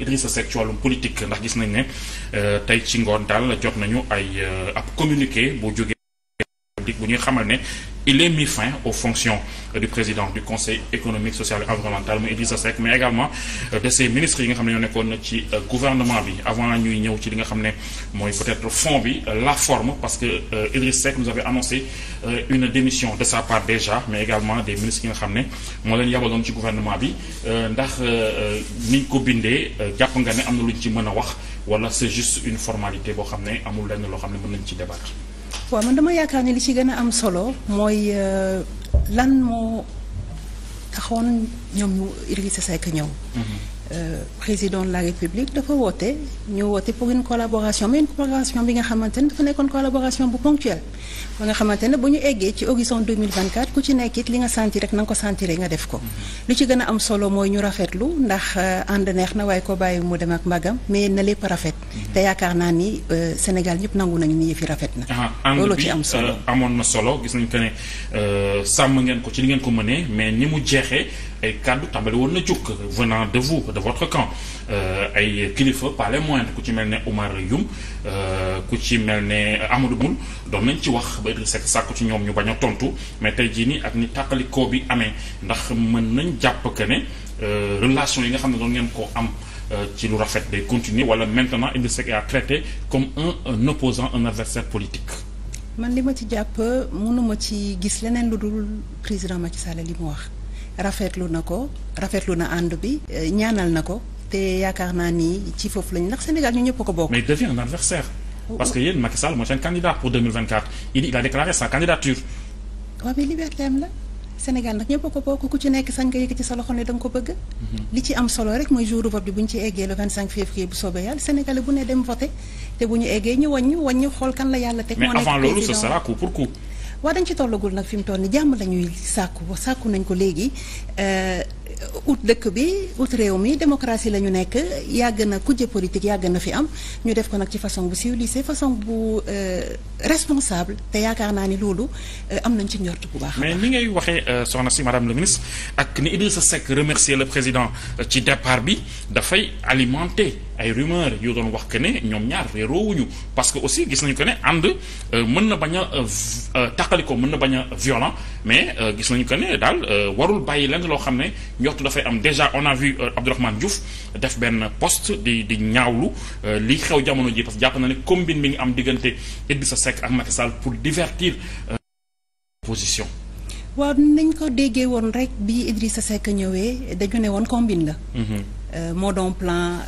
Idrissa Seck ci wàllum politique ndax gis nañ ne euh, tey ci ngoon daal jot nañu ay euh, ab communiqué boo jógee bu ñuy xamal ne il est mis fin aux fonctions du président du conseil économique social et environnemental mu Idrissa Seck mais également euh, de ses ministres yi nga xam ne ñoo nekkoon ci euh, gouvernement bi avant ñuy ñëw ci li nga xam ne mooy peut-être fond bi euh, la forme parce que Idriss Seck nous avait annoncé une démission de sa part déjà mais également des ministres yi nga xam ne moo leen yabaloon ci gouvernement bi ndax niñ ko bindee jàpp nga ne am na luñ ci mën a wax wala c'est juste une formalité boo xam ne amul lenn loo xam ne mën nañ ci débattre waaw man dama yaakaar ne li ci gën a am solo mooy euh, lan moo taxoon ñoom ñu Idrissa Seck ñëw mm-hmm. Euh, président de la république dafa woote ñu woote pour une collaboration mais une collaboration bi nga xamante ne dafa nekkoon collaboration bu ponctuelle ba nga xamante ne bu ñu eggee ci horizon 2024 ku ci nekk it li nga sentir rek na nga ko sentir nga def ko. lu ci gën a am solo mooy ñu rafet rafetlu ndax euh, ànd neex na waaye ko bàyyi mu dem ak mbagam mais na lépp rafet. Mhm. te yaakaar naa ni euh, Sénégal ñëpp nangu nañu ni yëf rafet na. Ah, loolu ci am solo amoon na solo gis nañu que ne sàmm ngeen ko ci li ngeen ko mënee mais ni mu jeexee ay kàddu tàmbali woon na de votre camp euh, ay kilifa pas les ku ci mel ne Oumar Youm euh, ku ci mel ne Amadou Boun doon nañ ci wax ba Idrissa Seck sàkku ci ñoom ñu bañ a tontu mais tey jii nii ak ni tàqalikoo bi amee ndax mën nañ jàpp que ne euh, relation yi nga xam ne doon ngeen ko am ci lu rafet day continuer wala maintenant Idrissa Seck est à comme un un opposant un adversaire politique. man li ma ci jàpp mënuma ci gis leneen lu dul président ci Sall li mu wax. rafetlu na ko rafetlu na ànd bi euh, ñaanal na ko te yaakaar naa ni ci foofu lañu ndax Sénégal ñu ñëpp ko bokk. mais il devient un adversaire oh, parce oh. que yéen Macky Sall mooy seen candidat pour 2024 il il a déclaré sa candidature. waaw mais liberté la Sénégal nag ñëpp ko bokk ku ci nekk sañ nga yëkkati sa loxo ne da ko bëgg. Mhm. li ci am solo rek mooy jour vote bi bu ñu ci eggee le 25 février bu soobee yàlla Sénégalais bu ne dem voté kan la yàlla teg. moo nekk waa dañ ci tollagul nag fi mu toll ni jàmm la ñuy sàkku sàkku nañ ko léegi euh, ut dëkk bi ut réew mi démocratie la ñu nekk yàgg na kujje politique yàgg na fi am ñu def ko nag ci façon bu civilisée façon bu euh, responsable te yaakaar naa ni loolu euh, am nañ ci njort bu baax. mais ni ngay waxee soxna si madame le ministre ak ni sa Seck remercier le président ci depart bi dafay alimenter. ay rumeur yu doon wax que ne ñoom ñaar réeroowuñu parce que aussi gis nañu que ne ànd euh, mën na bañ a euh, euh, tàqaliko mën na bañ a violent mais gis nañu que ne daal warul bàyyi lenn loo xam ne njortu dafay am déjà on a vu Abdourahmane def benn post di di ñaawlu li xew jamono ji parce que jàpp na ne combine bi nga am diggante Idrissa sa ak am Sall pour divertir position waaw nañ ko déggee woon rek bi Idrissa Seck ñëwee dañu ne woon combine la mhm. Euh, moo doon plan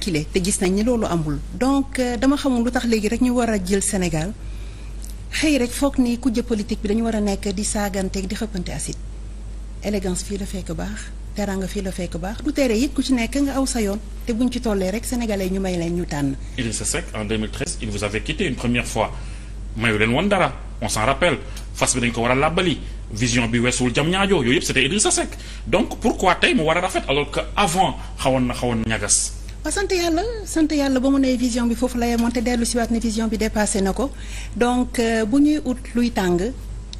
kile euh, te gis nañ ni loolu amul donc euh, dama xamul lu tax léegi rek ñu war a jël Sénégal xëy rek foog ni kujje politique bi dañu war a nekk di saaganteeg di xëppante acide élégance fii la fekk baax teranga fii la fekk baax du tere it ku ci nekk nga aw sa yoon te buñ ci tollee rek sénégalais ñu may leen ñu tànn. Idrissa Seck en 2013 il vous avait quitté une première fois mayu leen woon dara on s'en rappelle fas bi dañ ko war a làbbali vision bi weesuwul jam ñaajoo yooyu yëpp c'était Idrissa Seck donc pourquoi tey mu war a rafet alors que avant xawoon na xawoon na ñagas. waaw sant yàlla sant yàlla ba mu ne vision bi foofu la yemoon te dellu si waat ne vision bi dépassé na ko donc euh, bu ñuy ut luy tàng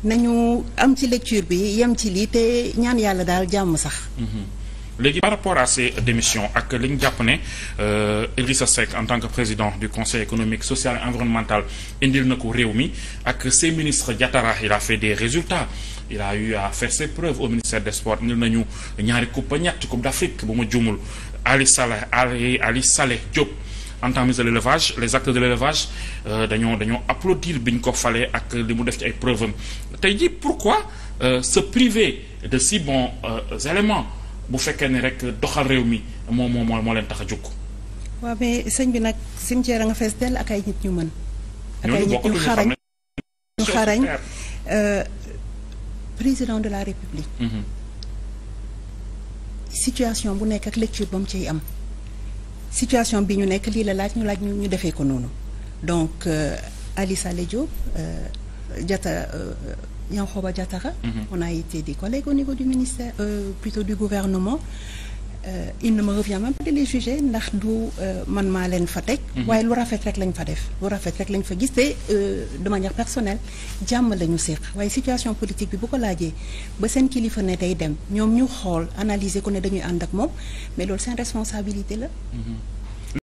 nañu am ci lecture bi yem ci lii te ñaan yàlla daal jàmm sax. Mhm. léegi par rapport à ces démissions ak li ñu jàpp ne euh, Idrissa Seck en tant que président du conseil économique social et environnemental indil na ko réew mi ak ses ministres Diatara il a fait des résultats il a eu à faire ses preuves au ministère des sports indil nañu ñaari coupe ñett coupe d'Afrique bu ma juumul Ali Saleh Ali Ali Saleh Diop en tant que ministre de l'élevage les acteurs de l'élevage dañoo dañoo applaudir bi ñu ko falee ak li mu def ci ay preuves am tey jii pourquoi euh, se priver de si bons euh, éléments bu fekkee ne rek doxal réew mi moom moo moo leen tax a jóg. waaw mais sëñ bi nag cimetière nga fees dell ak ay nit ñu mën. ak ay nit ñu xarañ euh, président de la république. Mm-hmm. situation bu nekk ak lecture ba mu ciy am. situation bi ñu nekk lii la laaj ñu laaj ñu defee ko noonu donc euh, Ali Sale Diop euh, euh Yankhoba Diattara. Mhm. on a été des collègues au niveau du ministère euh, plutôt du gouvernement euh, il ma me revient même pas de les juger ndax du euh, man maa leen fa teg. Mhm. waaye lu rafet rek lañ fa def lu rafet rek lañ fa gis te euh, de manière personnelle jàmm la ñu séq waaye situation politique bi bu ko laajee ba seen kilifa ne day dem ñoom ñu xool analyser ko ne dañuy ànd ak moom mais loolu seen responsabilité la. Mhm.